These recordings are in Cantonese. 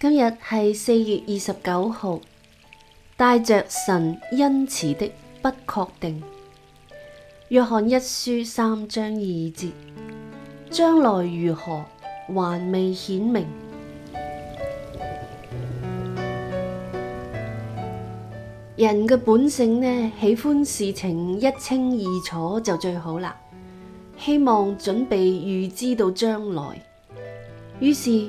今日係四月二十九號，帶着神恩慈的不確定，約翰一書三章二節，將來如何，還未顯明。人嘅本性呢，喜歡事情一清二楚就最好啦，希望準備預知到將來，於是。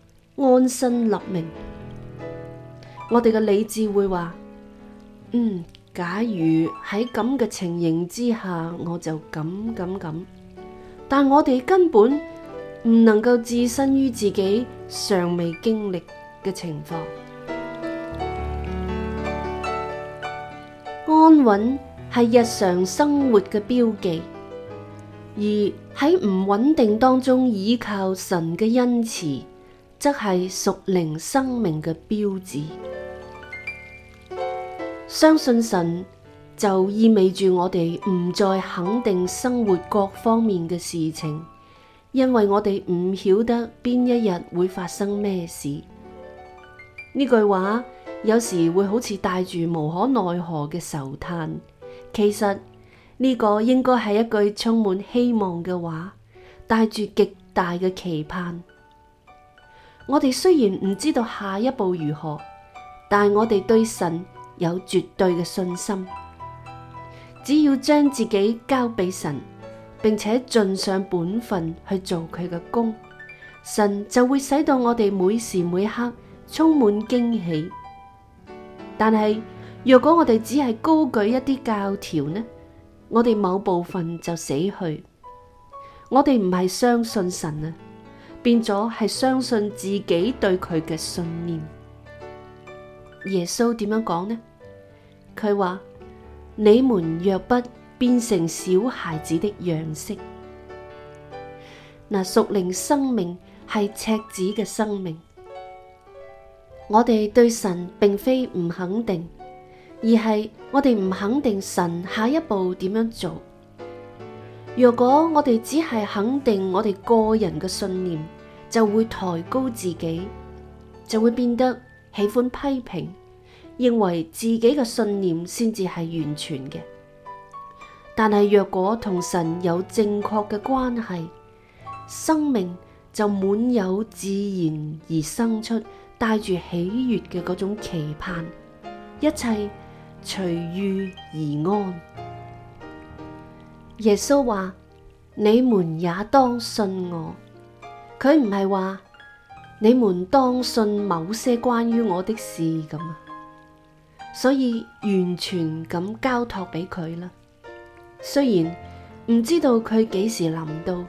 安身立命，我哋嘅理智會話：嗯，假如喺咁嘅情形之下，我就咁咁咁。但我哋根本唔能夠置身於自己尚未經歷嘅情況。安穩係日常生活嘅標記，而喺唔穩定當中倚靠神嘅恩慈。即係屬靈生命嘅標誌。相信神就意味住我哋唔再肯定生活各方面嘅事情，因為我哋唔曉得邊一日會發生咩事。呢句話有時會好似帶住無可奈何嘅愁嘆，其實呢、呢個應該係一句充滿希望嘅話，帶住極大嘅期盼。我哋雖然唔知道下一步如何，但係我哋對神有絕對嘅信心。只要將自己交俾神，並且盡上本分去做佢嘅功，神就會使到我哋每時每刻充滿驚喜。但係若果我哋只係高舉一啲教條呢，我哋某部分就死去。我哋唔係相信神啊！變咗係相信自己對佢嘅信念。耶穌點樣講呢？佢話：你們若不變成小孩子的樣式，嗱，屬靈生命係赤子嘅生命。我哋對神並非唔肯定，而係我哋唔肯定神下一步點樣做。若果我哋只係肯定我哋個人嘅信念，就會抬高自己，就會變得喜歡批評，認為自己嘅信念先至係完全嘅。但係若果同神有正確嘅關係，生命就滿有自然而生出，帶住喜悅嘅嗰種期盼，一切隨遇而安。耶穌話：你們也當信我。佢唔係話你們當信某些關於我的事。咁啊，所以完全咁交託俾佢啦。雖然唔知道佢幾時臨到，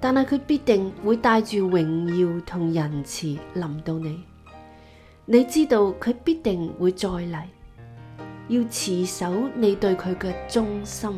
但係佢必定會帶住榮耀同仁慈臨到你。你知道，佢必定會再嚟，要持守你對佢嘅忠心。